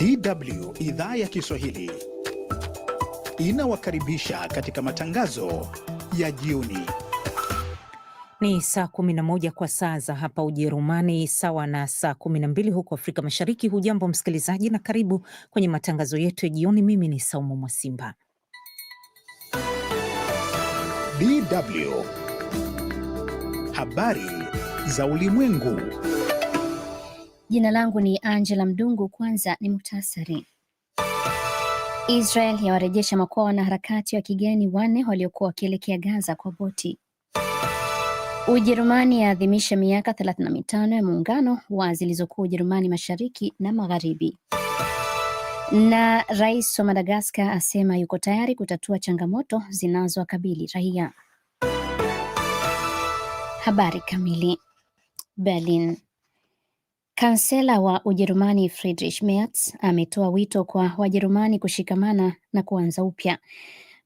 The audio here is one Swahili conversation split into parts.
DW idhaa ya Kiswahili inawakaribisha katika matangazo ya jioni. Ni saa 11 kwa saa za hapa Ujerumani, sawa na saa 12 huko Afrika Mashariki. Hujambo msikilizaji, na karibu kwenye matangazo yetu ya jioni. Mimi ni Saumu Mwasimba. DW habari za ulimwengu Jina langu ni Angela Mdungu. Kwanza ni muktasari. Israel yawarejesha makwao wanaharakati wa kigeni wanne waliokuwa wakielekea Gaza kwa boti. Ujerumani yaadhimisha miaka 35 ya muungano wa zilizokuwa Ujerumani mashariki na magharibi. Na rais wa Madagaskar asema yuko tayari kutatua changamoto zinazowakabili raia. Habari kamili. Berlin Kansela wa Ujerumani Friedrich Merz ametoa wito kwa Wajerumani kushikamana na kuanza upya.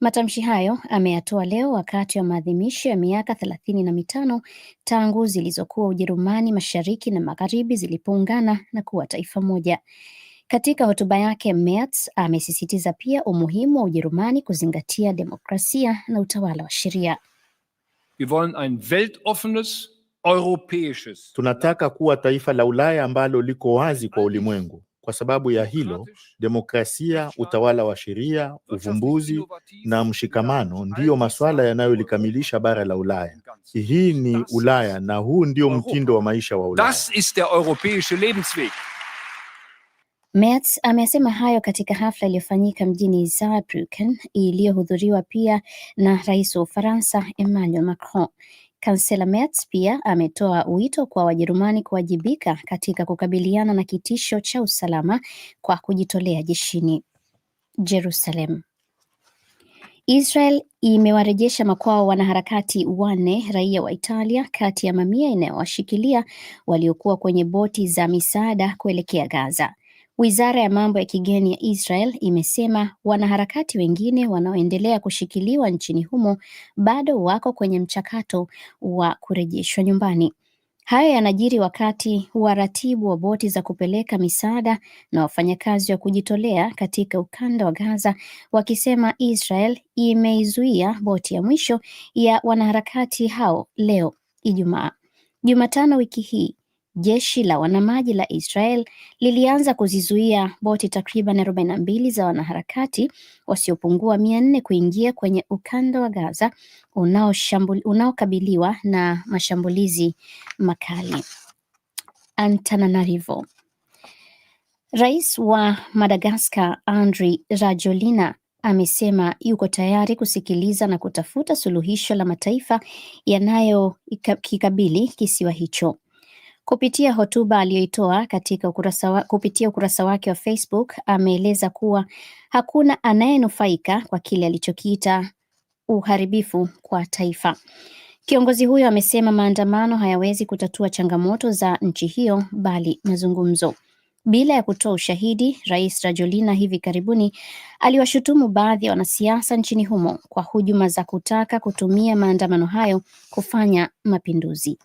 Matamshi hayo ameyatoa leo wakati wa maadhimisho ya miaka thelathini na mitano tangu zilizokuwa Ujerumani mashariki na magharibi zilipoungana na kuwa taifa moja. Katika hotuba yake, Merz amesisitiza pia umuhimu wa Ujerumani kuzingatia demokrasia na utawala wa sheria. Wir wollen ein weltoffenes Tunataka kuwa taifa la Ulaya ambalo liko wazi kwa ulimwengu. Kwa sababu ya hilo, demokrasia, utawala wa sheria, uvumbuzi na mshikamano ndiyo masuala yanayolikamilisha bara la Ulaya. Hii ni Ulaya na huu ndio mtindo wa maisha wa Ulaya. Das ist der europäische Lebensweg. Merz amesema hayo katika hafla iliyofanyika mjini Saarbrücken iliyohudhuriwa pia na Rais wa Ufaransa Emmanuel Macron. Kansela Merz pia ametoa wito kwa Wajerumani kuwajibika katika kukabiliana na kitisho cha usalama kwa kujitolea jeshini. Jerusalem. Israel imewarejesha makwao wanaharakati wanne raia wa Italia kati ya mamia inayowashikilia waliokuwa kwenye boti za misaada kuelekea Gaza. Wizara ya mambo ya kigeni ya Israel imesema wanaharakati wengine wanaoendelea kushikiliwa nchini humo bado wako kwenye mchakato wa kurejeshwa nyumbani. Hayo yanajiri wakati waratibu wa boti za kupeleka misaada na wafanyakazi wa kujitolea katika ukanda wa Gaza wakisema Israel imeizuia boti ya mwisho ya wanaharakati hao leo Ijumaa. Jumatano wiki hii jeshi la wanamaji la Israel lilianza kuzizuia boti takriban 42 za wanaharakati wasiopungua 400 kuingia kwenye ukanda wa Gaza unaokabiliwa na mashambulizi makali. Antananarivo. Rais wa madagascar Andry Rajoelina amesema yuko tayari kusikiliza na kutafuta suluhisho la mataifa yanayokikabili kisiwa hicho. Kupitia hotuba aliyoitoa katika ukurasa wa, kupitia ukurasa wake wa Facebook ameeleza kuwa hakuna anayenufaika kwa kile alichokiita uharibifu kwa taifa. Kiongozi huyo amesema maandamano hayawezi kutatua changamoto za nchi hiyo bali mazungumzo. Bila ya kutoa ushahidi, Rais Rajolina hivi karibuni aliwashutumu baadhi ya wanasiasa nchini humo kwa hujuma za kutaka kutumia maandamano hayo kufanya mapinduzi.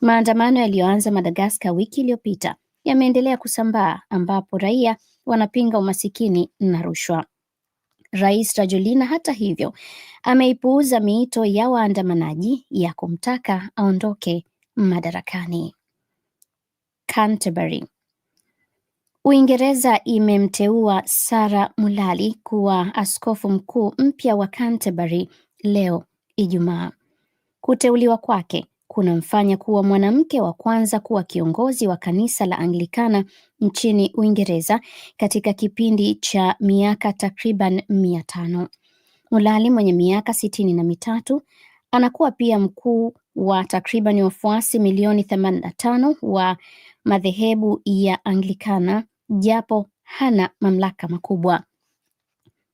Maandamano yaliyoanza Madagascar wiki iliyopita yameendelea kusambaa ambapo raia wanapinga umasikini na rushwa. Rais Rajolina hata hivyo ameipuuza miito ya waandamanaji ya kumtaka aondoke madarakani. Canterbury. Uingereza imemteua Sara Mulali kuwa askofu mkuu mpya wa Canterbury leo Ijumaa. Kuteuliwa kwake kunamfanya kuwa mwanamke wa kwanza kuwa kiongozi wa kanisa la Anglikana nchini Uingereza katika kipindi cha miaka takriban mia tano. Mulali mwenye miaka sitini na mitatu anakuwa pia mkuu wa takriban wafuasi milioni na tano wa madhehebu ya Anglikana japo hana mamlaka makubwa.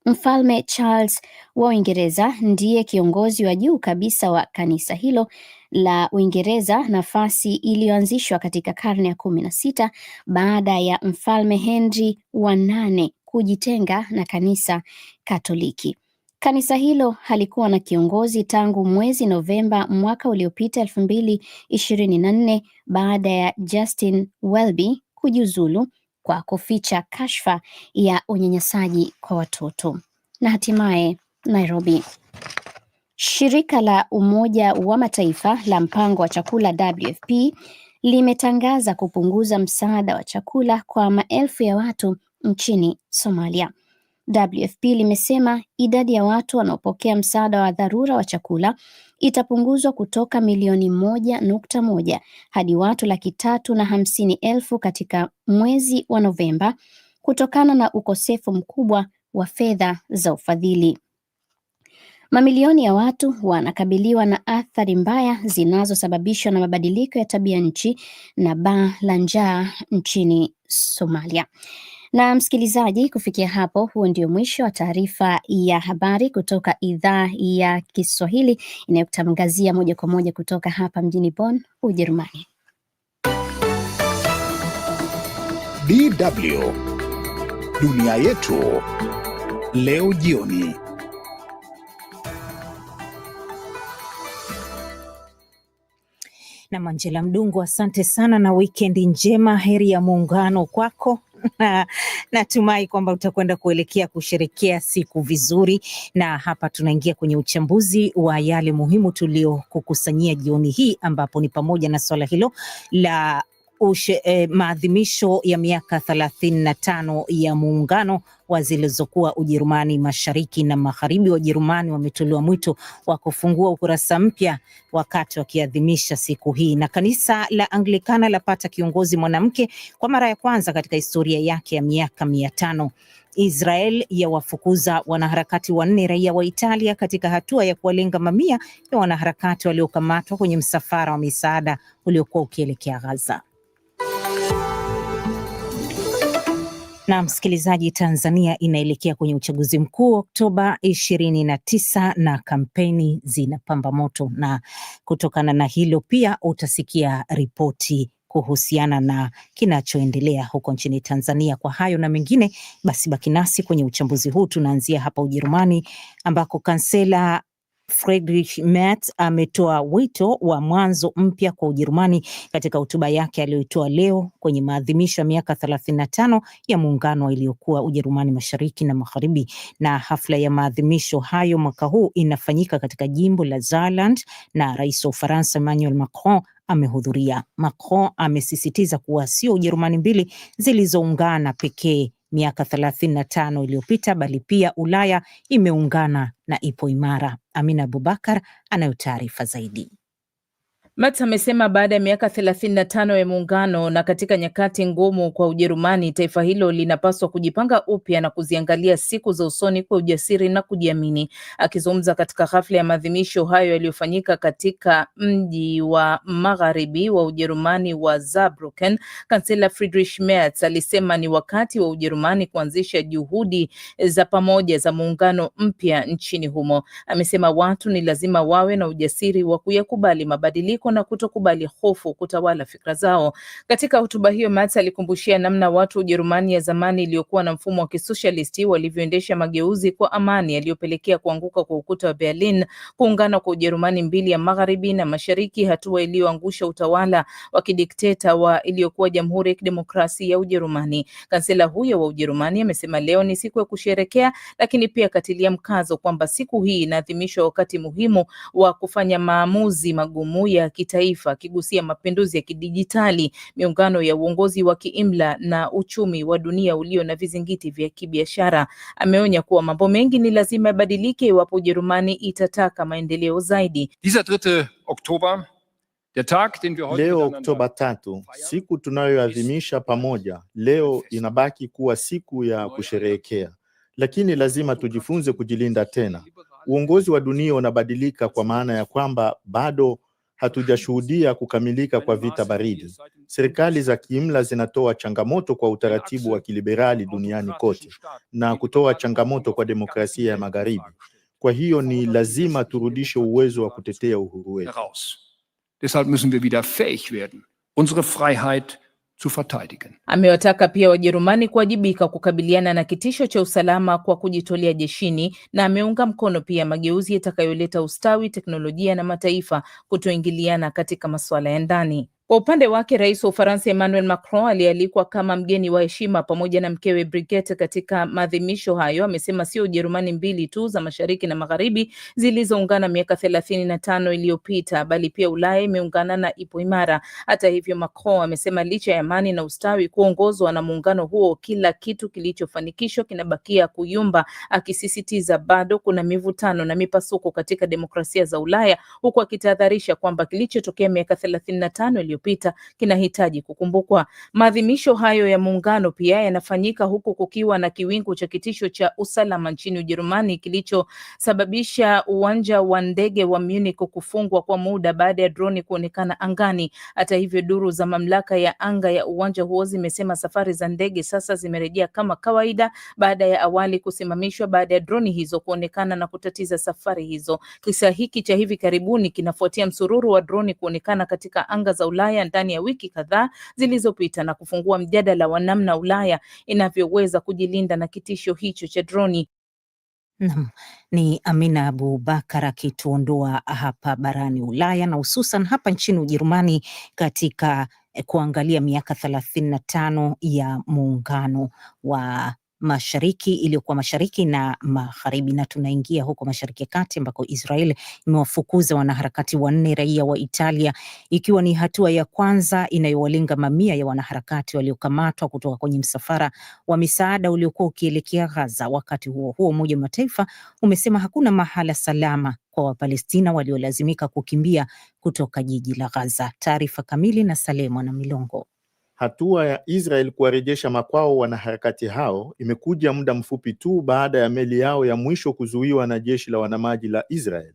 Mfalme Charles wa Uingereza ndiye kiongozi wa juu kabisa wa kanisa hilo la Uingereza, nafasi iliyoanzishwa katika karne ya kumi na sita baada ya Mfalme Henry wa nane kujitenga na kanisa Katoliki. Kanisa hilo halikuwa na kiongozi tangu mwezi Novemba mwaka uliopita elfu mbili ishirini na nne baada ya Justin Welby kujiuzulu kwa kuficha kashfa ya unyanyasaji kwa watoto na hatimaye Nairobi Shirika la Umoja wa Mataifa la Mpango wa Chakula WFP limetangaza kupunguza msaada wa chakula kwa maelfu ya watu nchini Somalia. WFP limesema idadi ya watu wanaopokea msaada wa dharura wa chakula itapunguzwa kutoka milioni moja nukta moja hadi watu laki tatu na hamsini elfu katika mwezi wa Novemba kutokana na ukosefu mkubwa wa fedha za ufadhili. Mamilioni ya watu wanakabiliwa na athari mbaya zinazosababishwa na mabadiliko ya tabia nchi na baa la njaa nchini Somalia. Na msikilizaji, kufikia hapo, huo ndio mwisho wa taarifa ya habari kutoka idhaa ya Kiswahili inayotangazia moja kwa moja kutoka hapa mjini Bonn, Ujerumani. DW Dunia Yetu Leo Jioni. na Manjela Mdungu, asante sana na wikendi njema. Heri ya muungano kwako. Natumai kwamba utakwenda kuelekea kusherekea siku vizuri, na hapa tunaingia kwenye uchambuzi wa yale muhimu tuliokukusanyia jioni hii, ambapo ni pamoja na swala hilo la eh, maadhimisho ya miaka thelathini na tano ya muungano wa zilizokuwa Ujerumani mashariki na magharibi. Wajerumani wametolewa mwito wa kufungua ukurasa mpya wakati wakiadhimisha siku hii, na kanisa la Anglikana lapata kiongozi mwanamke kwa mara ya kwanza katika historia yake ya miaka mia tano. Israel yawafukuza wanaharakati wanne raia wa Italia katika hatua ya kuwalenga mamia ya wanaharakati waliokamatwa kwenye msafara wa misaada uliokuwa ukielekea Gaza. Na msikilizaji, Tanzania inaelekea kwenye uchaguzi mkuu Oktoba ishirini na tisa na kampeni zinapamba moto, na kutokana na hilo pia utasikia ripoti kuhusiana na kinachoendelea huko nchini Tanzania. Kwa hayo na mengine, basi baki nasi kwenye uchambuzi huu. Tunaanzia hapa Ujerumani ambako kansela Friedrich Merz ametoa wito wa mwanzo mpya kwa Ujerumani katika hotuba yake aliyoitoa leo kwenye maadhimisho ya miaka 35 ya muungano iliyokuwa Ujerumani Mashariki na Magharibi. Na hafla ya maadhimisho hayo mwaka huu inafanyika katika jimbo la Saarland na rais wa Ufaransa Emmanuel Macron amehudhuria. Macron amesisitiza kuwa sio Ujerumani mbili zilizoungana pekee miaka thelathini na tano iliyopita, bali pia Ulaya imeungana na ipo imara. Amina Abubakar anayo taarifa zaidi. Mats amesema baada ya miaka thelathini na tano ya muungano na katika nyakati ngumu kwa Ujerumani, taifa hilo linapaswa kujipanga upya na kuziangalia siku za usoni kwa ujasiri na kujiamini. Akizungumza katika hafla ya maadhimisho hayo yaliyofanyika katika mji wa magharibi wa Ujerumani wa Zabruken, kansela Friedrich Merz alisema ni wakati wa Ujerumani kuanzisha juhudi za pamoja za muungano mpya nchini humo. Amesema watu ni lazima wawe na ujasiri wa kuyakubali mabadiliko mabadiliko na kutokubali hofu kutawala fikra zao. Katika hotuba hiyo, Merz alikumbushia namna watu Ujerumani ya zamani iliyokuwa na mfumo wa kisosialisti walivyoendesha mageuzi kwa amani yaliyopelekea kuanguka kwa ukuta wa Berlin, kuungana kwa Ujerumani mbili ya magharibi na mashariki, hatua iliyoangusha utawala wa kidikteta wa iliyokuwa Jamhuri ya Kidemokrasia ya Ujerumani. Kansela huyo wa Ujerumani amesema leo ni siku ya kusherekea, lakini pia katilia mkazo kwamba siku hii inaadhimishwa wakati muhimu wa kufanya maamuzi magumu ya kitaifa akigusia mapinduzi ya kidijitali, miungano ya uongozi wa kiimla na uchumi wa dunia ulio na vizingiti vya kibiashara. Ameonya kuwa mambo mengi ni lazima yabadilike iwapo Ujerumani itataka maendeleo zaidi. Leo Oktoba tatu, siku tunayoadhimisha pamoja leo, inabaki kuwa siku ya kusherehekea, lakini lazima tujifunze kujilinda tena. Uongozi wa dunia unabadilika, kwa maana ya kwamba bado hatujashuhudia kukamilika kwa vita baridi. Serikali za kiimla zinatoa changamoto kwa utaratibu wa kiliberali duniani kote na kutoa changamoto kwa demokrasia ya magharibi. Kwa hiyo ni lazima turudishe uwezo wa kutetea uhuru wetu. Deshalb müssen wir wieder fähig werden unsere Freiheit zu verteidigen. Amewataka pia Wajerumani kuwajibika kukabiliana na kitisho cha usalama kwa kujitolea jeshini na ameunga mkono pia mageuzi yatakayoleta ustawi, teknolojia na mataifa kutoingiliana katika masuala ya ndani. Kwa upande wake, rais wa Ufaransa Emmanuel Macron aliyealikwa kama mgeni wa heshima pamoja na mkewe Brigitte katika maadhimisho hayo amesema sio Ujerumani mbili tu za mashariki na magharibi zilizoungana miaka thelathini na tano iliyopita bali pia Ulaya imeungana na ipo imara. Hata hivyo, Macron amesema licha ya amani na ustawi kuongozwa na muungano huo, kila kitu kilichofanikishwa kinabakia kuyumba, akisisitiza bado kuna mivutano na mipasuko katika demokrasia za Ulaya, huku akitahadharisha kwamba kilichotokea miaka thelathini na tano iliyopita kinahitaji kukumbukwa. Maadhimisho hayo ya muungano pia yanafanyika huku kukiwa na kiwingu cha kitisho cha usalama nchini Ujerumani kilichosababisha uwanja wa ndege wa Munich kufungwa kwa muda baada ya droni kuonekana angani. Hata hivyo, duru za mamlaka ya anga ya uwanja huo zimesema safari za ndege sasa zimerejea kama kawaida baada ya awali kusimamishwa baada ya droni hizo kuonekana na kutatiza safari hizo. Kisa hiki cha hivi karibuni kinafuatia msururu wa droni kuonekana katika anga za Ulaya Ulaya ndani ya wiki kadhaa zilizopita na kufungua mjadala wa namna Ulaya inavyoweza kujilinda na kitisho hicho cha droni. Nam ni Amina Abubakar akituondoa hapa barani Ulaya na hususan hapa nchini Ujerumani katika kuangalia miaka thelathini na tano ya muungano wa mashariki iliyokuwa mashariki na magharibi, na tunaingia huko mashariki ya kati ambako Israel imewafukuza wanaharakati wanne raia wa Italia, ikiwa ni hatua ya kwanza inayowalenga mamia ya wanaharakati waliokamatwa kutoka kwenye msafara wa misaada uliokuwa ukielekea Gaza. Wakati huo huo, Umoja wa Mataifa umesema hakuna mahala salama kwa Wapalestina waliolazimika kukimbia kutoka jiji la Gaza. Taarifa kamili na Salemo na Milongo. Hatua ya Israel kuwarejesha makwao wanaharakati hao imekuja muda mfupi tu baada ya meli yao ya mwisho kuzuiwa na jeshi la wanamaji la Israel.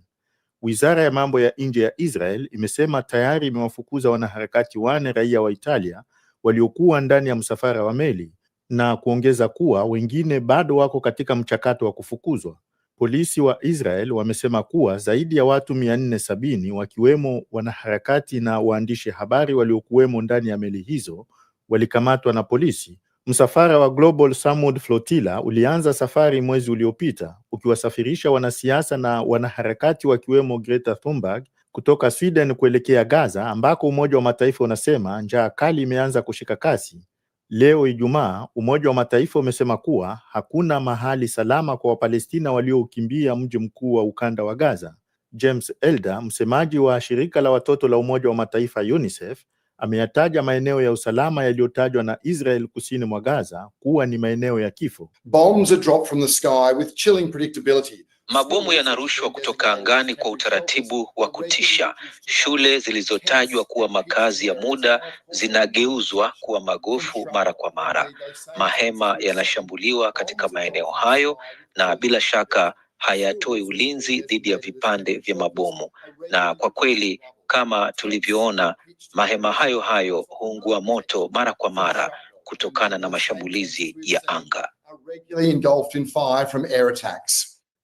Wizara ya mambo ya nje ya Israel imesema tayari imewafukuza wanaharakati wane raia wa Italia waliokuwa ndani ya msafara wa meli na kuongeza kuwa wengine bado wako katika mchakato wa kufukuzwa. Polisi wa Israel wamesema kuwa zaidi ya watu mia nne sabini wakiwemo wanaharakati na waandishi habari waliokuwemo ndani ya meli hizo walikamatwa na polisi. Msafara wa Global Samud Flotilla ulianza safari mwezi uliopita ukiwasafirisha wanasiasa na wanaharakati wakiwemo Greta Thunberg kutoka Sweden kuelekea Gaza ambako Umoja wa Mataifa unasema njaa kali imeanza kushika kasi. Leo Ijumaa, Umoja wa Mataifa umesema kuwa hakuna mahali salama kwa Wapalestina walioukimbia mji mkuu wa ukanda wa Gaza. James Elder, msemaji wa shirika la watoto la Umoja wa Mataifa UNICEF, ameyataja maeneo ya usalama yaliyotajwa na Israel kusini mwa Gaza kuwa ni maeneo ya kifo. Bombs are dropped from the sky with chilling predictability. Mabomu yanarushwa kutoka angani kwa utaratibu wa kutisha. Shule zilizotajwa kuwa makazi ya muda zinageuzwa kuwa magofu mara kwa mara. Mahema yanashambuliwa katika maeneo hayo, na bila shaka hayatoi ulinzi dhidi ya vipande vya mabomu. Na kwa kweli, kama tulivyoona, mahema hayo hayo huungua moto mara kwa mara kutokana na mashambulizi ya anga.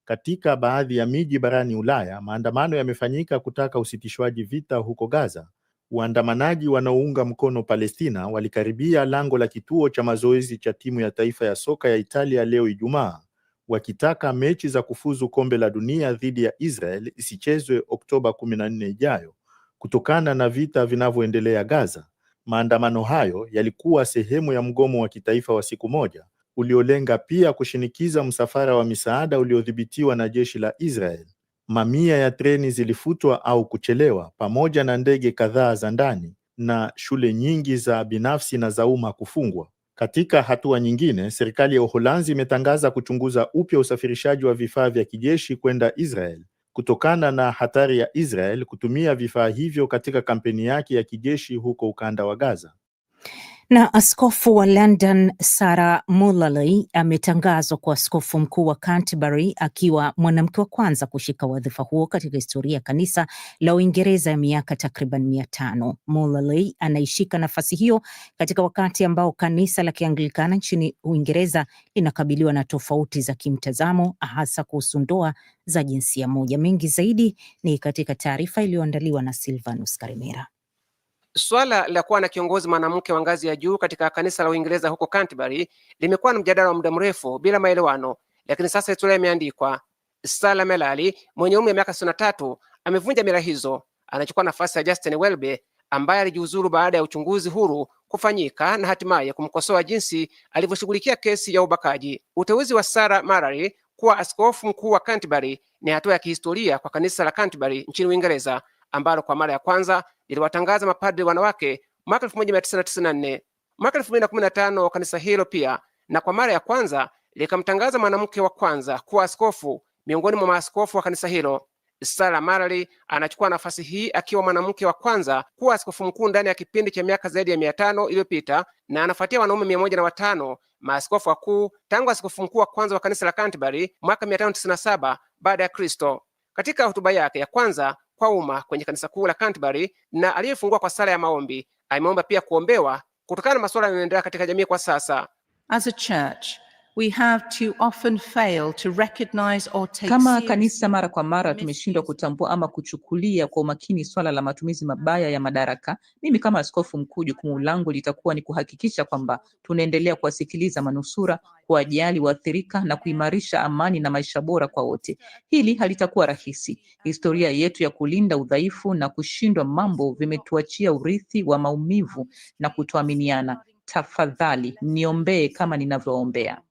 Katika baadhi ya miji barani Ulaya, maandamano yamefanyika kutaka usitishwaji vita huko Gaza. Waandamanaji wanaounga mkono Palestina walikaribia lango la kituo cha mazoezi cha timu ya taifa ya soka ya Italia leo Ijumaa, wakitaka mechi za kufuzu kombe la dunia dhidi ya Israel isichezwe Oktoba 14 ijayo kutokana na vita vinavyoendelea Gaza. Maandamano hayo yalikuwa sehemu ya mgomo wa kitaifa wa siku moja uliolenga pia kushinikiza msafara wa misaada uliodhibitiwa na jeshi la Israel. Mamia ya treni zilifutwa au kuchelewa, pamoja na ndege kadhaa za ndani na shule nyingi za binafsi na za umma kufungwa. Katika hatua nyingine, serikali ya Uholanzi imetangaza kuchunguza upya usafirishaji wa vifaa vya kijeshi kwenda Israel kutokana na hatari ya Israel kutumia vifaa hivyo katika kampeni yake ya kijeshi huko ukanda wa Gaza. Na askofu wa London Sarah Mullaly ametangazwa kuwa askofu mkuu wa Canterbury akiwa mwanamke wa kwanza kushika wadhifa huo katika historia ya kanisa la Uingereza ya miaka takriban mia tano. Mullaly anaishika nafasi hiyo katika wakati ambao kanisa la Kianglikana nchini Uingereza linakabiliwa na tofauti za kimtazamo, hasa kuhusu ndoa za jinsia moja. Mengi zaidi ni katika taarifa iliyoandaliwa na Silvanus Karimera. Swala la kuwa na kiongozi mwanamke wa ngazi ya juu katika kanisa la Uingereza huko Canterbury limekuwa na mjadala wa muda mrefu bila maelewano, lakini sasa historia imeandikwa. Salah Melali mwenye umri wa miaka sitini na tatu amevunja mila hizo, anachukua nafasi ya Justin Welby ambaye alijiuzuru baada ya uchunguzi huru kufanyika na hatimaye kumkosoa jinsi alivyoshughulikia kesi ya ubakaji. Uteuzi wa sara Melali kuwa askofu mkuu wa Canterbury ni hatua ya kihistoria kwa kanisa la Canterbury nchini Uingereza ambalo kwa mara ya kwanza iliwatangaza mapadri wanawake mwaka 1994. Mwaka 2015 kanisa hilo pia na kwa mara ya kwanza likamtangaza mwanamke wa kwanza kuwa askofu miongoni mwa maaskofu wa kanisa hilo. Sara Marali anachukua nafasi hii akiwa mwanamke wa kwanza kuwa askofu mkuu ndani ya kipindi cha miaka zaidi ya mia tano iliyopita na anafuatia wanaume mia moja na watano maaskofu wakuu tangu askofu mkuu wa kwanza wa kanisa la Canterbury mwaka 597 baada ya Kristo. Katika hotuba yake ya kwanza kwa umma kwenye kanisa kuu la Canterbury na aliyefungua kwa sala ya maombi ameomba pia kuombewa kutokana na masuala yanayoendelea katika jamii kwa sasa. As a church We have often fail to recognize or take kama kanisa mara kwa mara tumeshindwa kutambua ama kuchukulia kwa umakini swala la matumizi mabaya ya madaraka. Mimi kama askofu mkuu, jukumu langu litakuwa ni kuhakikisha kwamba tunaendelea kuwasikiliza manusura, kuwajali waathirika na kuimarisha amani na maisha bora kwa wote. Hili halitakuwa rahisi. Historia yetu ya kulinda udhaifu na kushindwa mambo vimetuachia urithi wa maumivu na kutoaminiana. Tafadhali niombee kama ninavyoombea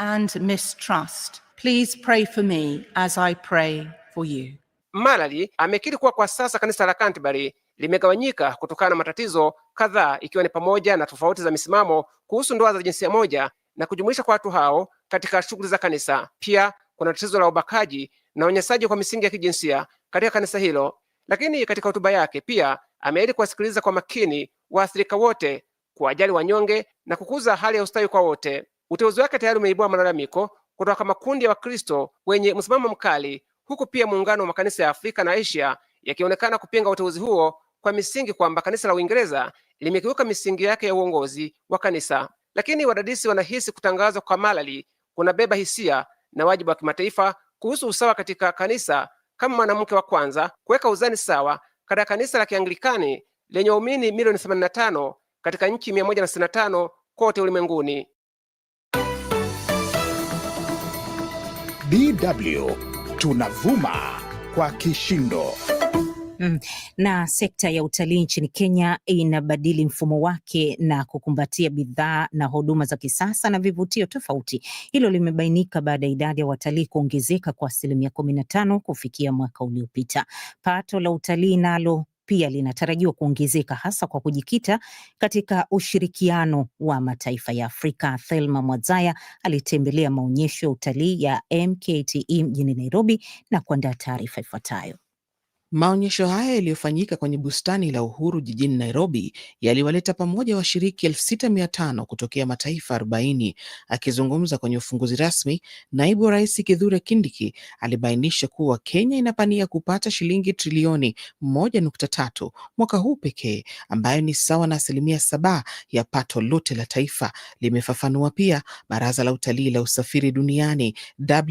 and mistrust. Please pray for me as I pray for you. Malali amekiri kuwa kwa sasa kanisa la Canterbury limegawanyika kutokana na matatizo kadhaa ikiwa ni pamoja na tofauti za misimamo kuhusu ndoa za jinsia moja na kujumuisha kwa watu hao katika shughuli za kanisa. Pia kuna tatizo la ubakaji na unyanyasaji kwa misingi ya kijinsia katika kanisa hilo. Lakini katika hotuba yake pia ameahidi kuwasikiliza kwa makini waathirika wote, kuwajali wanyonge na kukuza hali ya ustawi kwa wote. Uteuzi wake tayari umeibua malalamiko kutoka makundi ya Wakristo wenye msimamo mkali, huku pia muungano wa makanisa ya Afrika na Asia yakionekana kupinga uteuzi huo kwa misingi kwamba kanisa la Uingereza limekiuka misingi yake ya uongozi wa kanisa. Lakini wadadisi wanahisi kutangazwa kwa Malali kunabeba hisia na wajibu wa kimataifa kuhusu usawa katika kanisa kama mwanamke wa kwanza kuweka uzani sawa katika kanisa la Kianglikani lenye waumini milioni 85 katika nchi 165 kote ulimwenguni. DW tunavuma kwa kishindo. Mm. Na sekta ya utalii nchini Kenya inabadili mfumo wake na kukumbatia bidhaa na huduma za kisasa na vivutio tofauti. Hilo limebainika baada ya idadi ya watalii kuongezeka kwa asilimia kumi na tano kufikia mwaka uliopita. Pato la utalii nalo pia linatarajiwa kuongezeka hasa kwa kujikita katika ushirikiano wa mataifa ya Afrika. Thelma Mwazaya alitembelea maonyesho ya utalii ya MKTE mjini Nairobi na kuandaa taarifa ifuatayo. Maonyesho haya yaliyofanyika kwenye bustani la Uhuru jijini Nairobi yaliwaleta pamoja washiriki 6500 kutokea mataifa 40. Akizungumza kwenye ufunguzi rasmi, naibu wa rais Kithure Kindiki alibainisha kuwa Kenya inapania kupata shilingi trilioni 1.3 mwaka huu pekee, ambayo ni sawa na asilimia saba ya pato lote la taifa. Limefafanua pia baraza la utalii la usafiri duniani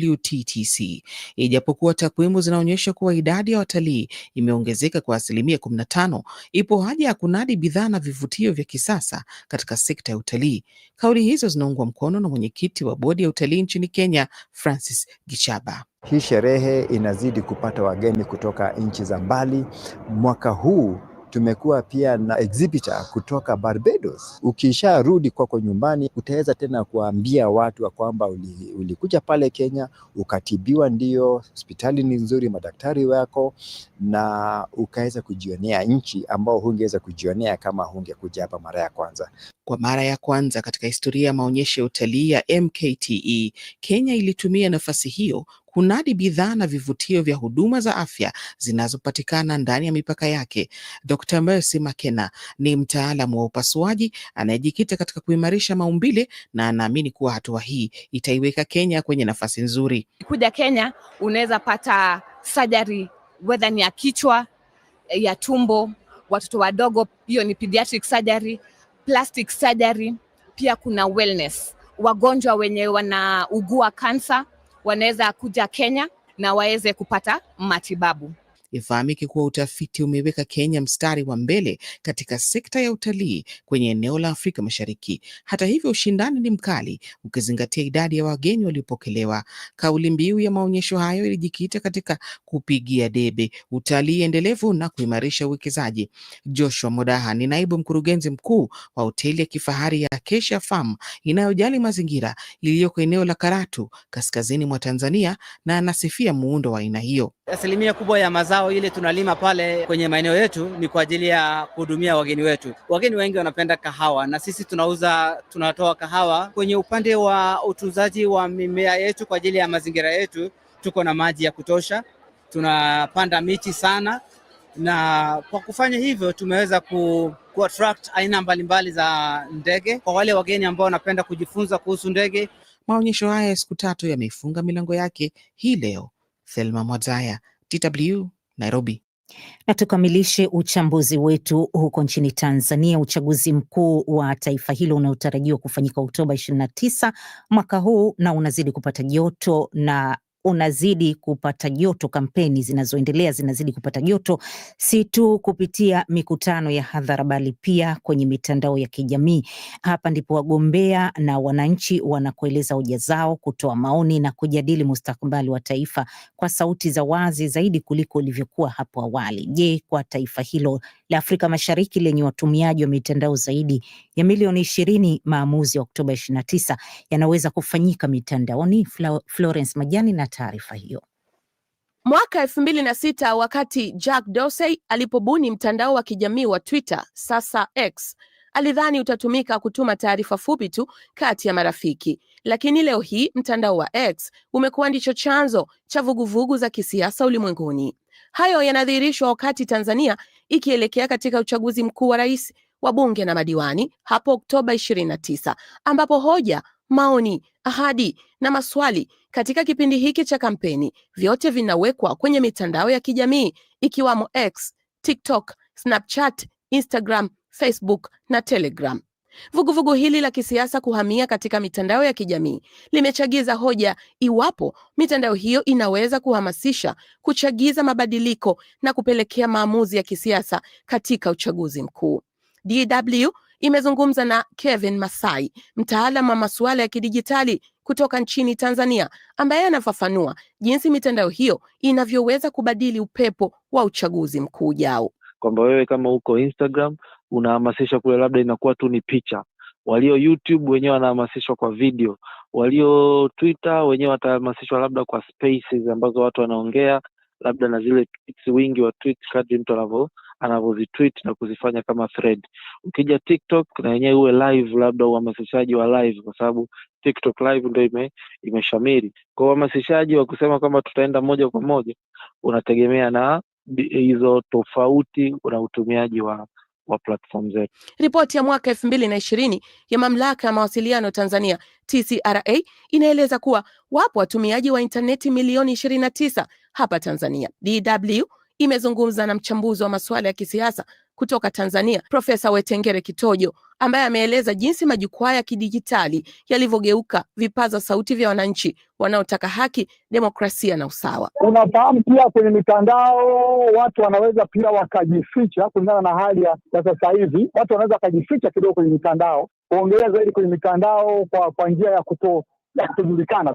WTTC. Ijapokuwa takwimu zinaonyesha kuwa idadi ya watalii imeongezeka kwa asilimia 15, ipo haja ya kunadi bidhaa na vivutio vya kisasa katika sekta ya utalii. Kauli hizo zinaungwa mkono na mwenyekiti wa bodi ya utalii nchini Kenya, Francis Gichaba. Hii sherehe inazidi kupata wageni kutoka nchi za mbali. Mwaka huu Tumekuwa pia na exhibitor kutoka Barbados. Ukisharudi kwako nyumbani, utaweza tena kuambia watu wa kwamba ulikuja uli pale Kenya ukatibiwa, ndio hospitali ni nzuri, madaktari wako, na ukaweza kujionea nchi ambao hungeweza kujionea kama hungekuja hapa mara ya kwanza. Kwa mara ya kwanza katika historia ya maonyesho ya utalii ya MKTE, Kenya ilitumia nafasi hiyo hunadi bidhaa na vivutio vya huduma za afya zinazopatikana ndani ya mipaka yake. d Mercy Makena ni mtaalamu wa upasuaji anayejikita katika kuimarisha maumbile na anaamini kuwa hatua hii itaiweka Kenya kwenye nafasi nzuri. Kuja Kenya unaweza pata sajari wedha ni ya kichwa, ya tumbo, watoto wadogo, hiyo ni pediatric surgery, plastic surgery. Pia kuna wellness, wagonjwa wenye wanaugua kansa wanaweza kuja Kenya na waweze kupata matibabu. Ifahamike kuwa utafiti umeweka Kenya mstari wa mbele katika sekta ya utalii kwenye eneo la Afrika Mashariki. Hata hivyo, ushindani ni mkali ukizingatia idadi ya wageni waliopokelewa. Kauli mbiu ya maonyesho hayo ilijikita katika kupigia debe utalii endelevu na kuimarisha uwekezaji. Joshua Modaha ni naibu mkurugenzi mkuu wa hoteli ya kifahari ya Acacia Farm inayojali mazingira iliyoko eneo la Karatu kaskazini mwa Tanzania na anasifia muundo wa aina hiyo. Asilimia kubwa ya mazao ile tunalima pale kwenye maeneo yetu ni kwa ajili ya kuhudumia wageni wetu. Wageni wengi wanapenda kahawa, na sisi tunauza, tunatoa kahawa. Kwenye upande wa utunzaji wa mimea yetu kwa ajili ya mazingira yetu, tuko na maji ya kutosha, tunapanda miti sana, na kwa kufanya hivyo tumeweza ku attract aina mbalimbali za ndege kwa wale wageni ambao wanapenda kujifunza kuhusu ndege. Maonyesho haya ya siku tatu yamefunga milango yake hii leo Thelma Mwajaya, DW Nairobi. Na tukamilishe uchambuzi wetu huko nchini Tanzania. Uchaguzi mkuu wa taifa hilo unaotarajiwa kufanyika Oktoba 29 mwaka huu na unazidi kupata joto na unazidi kupata joto, kampeni zinazoendelea zinazidi kupata joto, si tu kupitia mikutano ya hadhara, bali pia kwenye mitandao ya kijamii. Hapa ndipo wagombea na wananchi wanakueleza hoja zao, kutoa maoni na kujadili mustakabali wa taifa kwa sauti za wazi zaidi kuliko ilivyokuwa hapo awali. Je, kwa taifa hilo la Afrika Mashariki lenye watumiaji wa mitandao zaidi ya milioni ishirini, maamuzi ya Oktoba 29 yanaweza kufanyika mitandaoni. Florence Majani na taarifa hiyo. Mwaka elfu mbili na sita wakati Jack Dorsey alipobuni mtandao wa kijamii wa Twitter, sasa X, alidhani utatumika kutuma taarifa fupi tu kati ya marafiki, lakini leo hii mtandao wa X umekuwa ndicho chanzo cha vuguvugu za kisiasa ulimwenguni. Hayo yanadhihirishwa wakati Tanzania ikielekea katika uchaguzi mkuu wa rais, wabunge na madiwani hapo Oktoba 29 ambapo hoja, maoni, ahadi na maswali katika kipindi hiki cha kampeni vyote vinawekwa kwenye mitandao ya kijamii ikiwamo X, TikTok, Snapchat, Instagram, Facebook na Telegram. Vuguvugu hili la kisiasa kuhamia katika mitandao ya kijamii limechagiza hoja iwapo mitandao hiyo inaweza kuhamasisha, kuchagiza mabadiliko na kupelekea maamuzi ya kisiasa katika uchaguzi mkuu. DW imezungumza na Kevin Masai, mtaalamu wa masuala ya kidijitali kutoka nchini Tanzania, ambaye anafafanua jinsi mitandao hiyo inavyoweza kubadili upepo wa uchaguzi mkuu ujao kwamba wewe kama uko Instagram unahamasisha kule, labda inakuwa tu ni picha. Walio YouTube wenyewe wanahamasishwa kwa video, walio Twitter wenyewe watahamasishwa labda kwa spaces ambazo watu wanaongea labda na zile tweets, wingi wa tweet kadri mtu anavyo anavyozitweet na kuzifanya kama thread. Ukija TikTok na yenyewe uwe live, labda uhamasishaji wa live, kwa sababu TikTok live ndio ime, imeshamiri kwa uhamasishaji wa kusema kwamba tutaenda moja kwa moja, unategemea na hizo tofauti na utumiaji wa wa platform zetu. Ripoti ya mwaka elfu mbili na ishirini ya mamlaka ya mawasiliano Tanzania TCRA inaeleza kuwa wapo watumiaji wa intaneti milioni ishirini na tisa hapa Tanzania. DW imezungumza na mchambuzi wa masuala ya kisiasa kutoka Tanzania, Profesa Wetengere Kitojo ambaye ameeleza jinsi majukwaa ya kidijitali yalivyogeuka vipaza sauti vya wananchi wanaotaka haki, demokrasia na usawa. Unafahamu, pia kwenye mitandao watu wanaweza pia wakajificha kulingana na hali ya sasa hivi, watu wanaweza wakajificha kidogo kwenye mitandao, kuongelea zaidi kwenye mitandao kwa, kwa njia ya kuto ya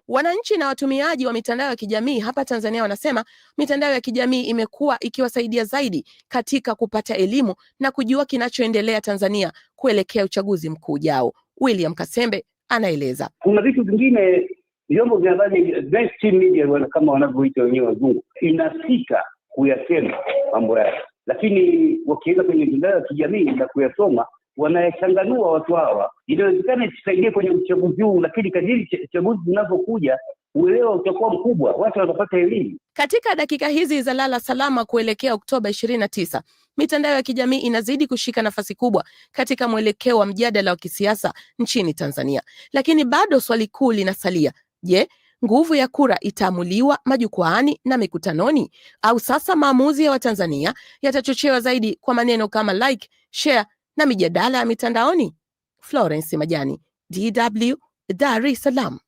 Wananchi na watumiaji wa mitandao ya kijamii hapa Tanzania wanasema mitandao ya kijamii imekuwa ikiwasaidia zaidi katika kupata elimu na kujua kinachoendelea Tanzania kuelekea uchaguzi mkuu ujao. William Kasembe anaeleza. Kuna vitu vingine vyombo vya habari mainstream media kama wanavyoita wenyewe wazungu inasika kuyasema mambo yake, lakini wakienda kwenye mitandao ya kijamii na kuyasoma wanayachanganua watu hawa. Inawezekana itusaidie kwenye uchaguzi huu, lakini kadiri chaguzi zinazokuja uelewa utakuwa mkubwa, watu watapata elimu. Katika dakika hizi za lala salama kuelekea Oktoba ishirini na tisa, mitandao ya kijamii inazidi kushika nafasi kubwa katika mwelekeo wa mjadala wa kisiasa nchini Tanzania, lakini bado swali kuu linasalia: je, nguvu ya kura itaamuliwa majukwaani na mikutanoni, au sasa maamuzi ya Watanzania yatachochewa zaidi kwa maneno kama like, share na mijadala ya mitandaoni. Florence Majani, DW, Dar es Salaam.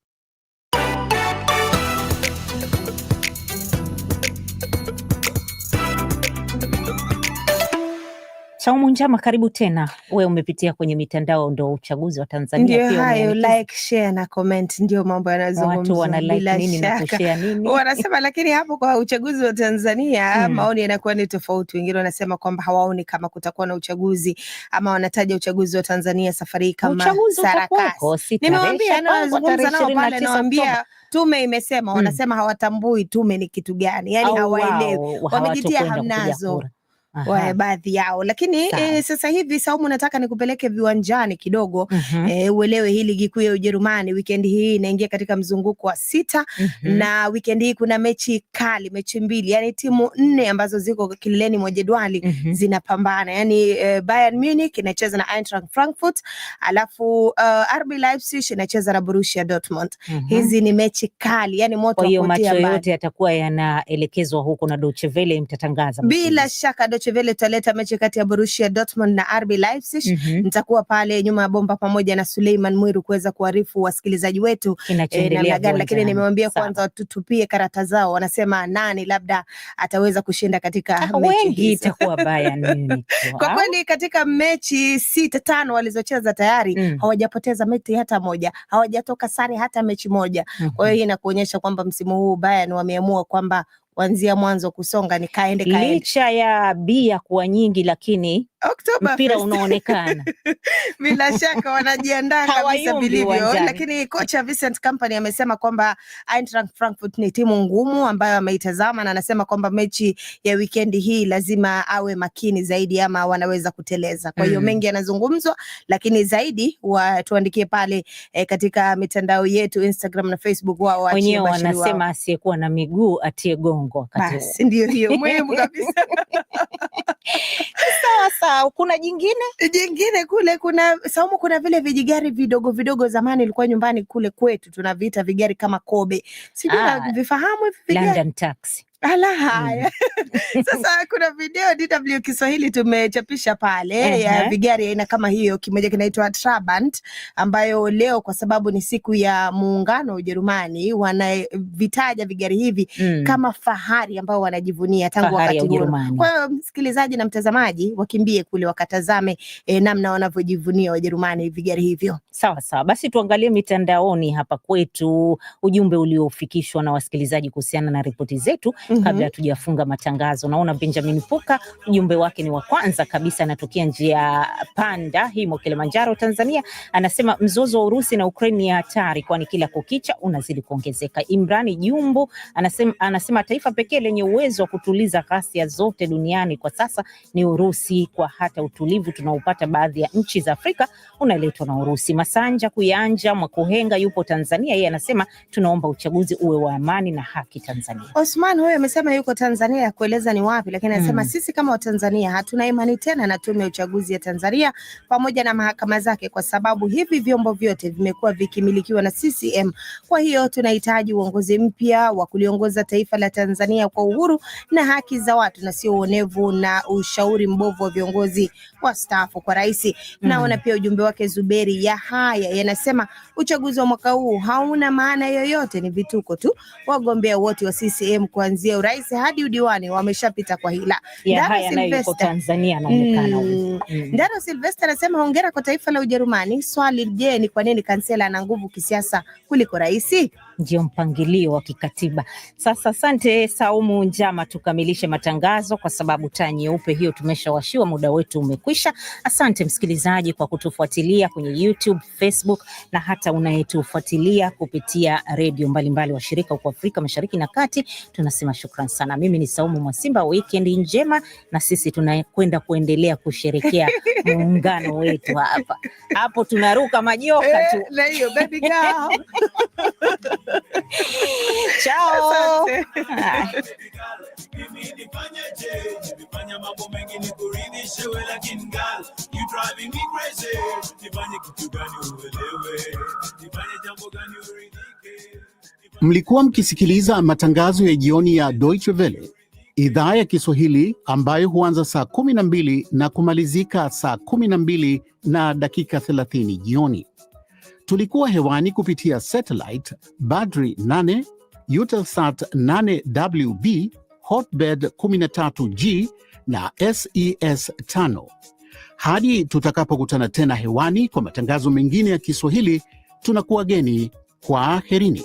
Saumu Njama, karibu tena. We umepitia kwenye mitandao, ndo uchaguzi wa Tanzania, ndio hayo, like share na comment, ndio mambo yanazungumzwa, wana like nini na kushare nini wanasema. Lakini hapo kwa uchaguzi wa Tanzania mm, maoni yanakuwa ni tofauti. Wengine wanasema kwamba hawaoni kama kutakuwa na uchaguzi ama wanataja uchaguzi wa Tanzania safari hii kama sarakasi. Nimewambia, nazungumza nao pale, nawambia tume imesema, hmm. wanasema hmm, hawatambui tume ni kitu gani, yani hawaelewi, wamejitia hamnazo baadhi yao, lakini e, sasa hivi Saumu, nataka nikupeleke viwanjani kidogo mm -hmm. E, uelewe hii ligi kuu ya Ujerumani wikendi hii inaingia katika mzunguko wa sita mm -hmm. na wikendi hii kuna mechi kali, mechi mbili, yani timu nne ambazo ziko kileleni mwa jedwali mm -hmm. zinapambana, yani e, eh, Bayern Munich inacheza na Eintracht Frankfurt alafu uh, RB Leipzig inacheza na Borussia Dortmund mm -hmm. hizi ni mechi kali, yani moto. Kwa hiyo macho yote yatakuwa yanaelekezwa huko na Deutsche Welle mtatangaza bila shaka Deutsche vile tutaleta mechi kati ya Borussia Dortmund na RB Leipzig. mm -hmm. Nitakuwa pale nyuma ya bomba pamoja na Suleiman Mwiru kuweza kuarifu wasikilizaji wetu eh, namna gani, lakini nimewambia kwanza watutupie karata zao, wanasema nani labda ataweza kushinda katika mechi hii. Itakuwa nini? kwa kweli katika mechi sita tano walizocheza tayari mm. hawajapoteza mechi hata moja, hawajatoka sare hata mechi moja. Kwa hiyo mhm. hii inakuonyesha kwamba msimu huu Bayern wameamua kwamba kuanzia mwanzo kusonga nikaende kaende. Licha ya bia kuwa nyingi, lakini Oktoba mpira unaonekana bila shaka wanajiandaa kabisa vilivyo, lakini kocha Vincent Company amesema kwamba Eintracht Frankfurt ni timu ngumu ambayo ameitazama na anasema kwamba mechi ya wikendi hii lazima awe makini zaidi, ama wanaweza kuteleza. Kwa hiyo mm, mengi yanazungumzwa, lakini zaidi watuandikie pale eh, katika mitandao yetu Instagram na Facebook. Wao wenyewe wanasema asiyekuwa na miguu atie gongo. Basi ndio hiyo muhimu kabisa. sawa sawa kuna jingine jingine kule kuna Saumu, kuna vile vijigari vidogo vidogo, zamani ilikuwa nyumbani kule kwetu tunaviita vigari kama kobe, sijui ah, vifahamu hivi vigari London taxi Ala mm. haya. Sasa kuna video DW Kiswahili tumechapisha pale uh -huh. ya vigari aina kama hiyo, kimoja kinaitwa Trabant ambayo leo kwa sababu ni siku ya muungano wa Ujerumani wanavitaja vigari hivi mm. kama fahari ambao wanajivunia tangu fahari wakati huo. Kwa hiyo msikilizaji na mtazamaji wakimbie kule wakatazame eh, namna wanavyojivunia Wajerumani vigari hivyo. Sawa sawa, basi tuangalie mitandaoni hapa kwetu ujumbe uliofikishwa na wasikilizaji kuhusiana na ripoti zetu mm -hmm. kabla hatujafunga matangazo. Naona Benjamin Puka ujumbe wake ni wa kwanza kabisa, anatokea njia panda himo Kilimanjaro, Tanzania. Anasema mzozo wa Urusi na Ukraine ni hatari, kwani kila kukicha unazidi kuongezeka. Imrani Jumbo anasema, anasema taifa pekee lenye uwezo wa kutuliza ghasia zote duniani kwa sasa ni Urusi, kwa hata utulivu tunaopata baadhi ya nchi za Afrika unaletwa na Urusi. Masanja Kuyanja Mwakuhenga yupo Tanzania, yeye anasema tunaomba uchaguzi uwe wa amani na haki Tanzania. Osman huyo amesema yuko Tanzania, kueleza ni wapi, lakini anasema mm. sisi kama Watanzania hatuna imani tena na tume ya uchaguzi ya Tanzania pamoja na mahakama zake, kwa sababu hivi vyombo vyote vimekuwa vikimilikiwa na CCM. Kwa hiyo tunahitaji uongozi mpya wa kuliongoza taifa la Tanzania kwa uhuru na haki za watu na sio uonevu na ushauri mbovu wa viongozi wastaafu kwa rais. Mm. Naona pia ujumbe wake Zuberi ya haya yanasema uchaguzi wa mwaka huu hauna maana yoyote, ni vituko tu. Wagombea wote wa CCM kuanzia kuanzia urais hadi udiwani wameshapita kwa hila. Ndaro mm. mm. Silvesta anasema hongera kwa taifa la Ujerumani. Swali, je, ni kwa nini kansela ana nguvu kisiasa kuliko raisi ndio mpangilio wa kikatiba. Sasa asante Saumu Njama, tukamilishe matangazo kwa sababu taa nyeupe hiyo tumeshawashiwa, muda wetu umekwisha. Asante msikilizaji kwa kutufuatilia kwenye YouTube, Facebook na hata unayetufuatilia kupitia redio mbalimbali washirika huko Afrika Mashariki na Kati, tunasema shukran sana. Mimi ni Saumu Mwasimba, wikendi njema, na sisi tunakwenda kuendelea kusherekea muungano wetu hapa hapo, tunaruka majoka eh, tu Chao. Mlikuwa mkisikiliza matangazo ya jioni ya Deutsche Welle idhaa ya Kiswahili ambayo huanza saa 12 na kumalizika saa 12 na dakika 30 jioni. Tulikuwa hewani kupitia satellite Badri 8, Eutelsat 8WB, Hotbird 13G na SES 5. E Hadi tutakapokutana tena hewani kwa matangazo mengine ya Kiswahili, tunakuwa geni. Kwaherini.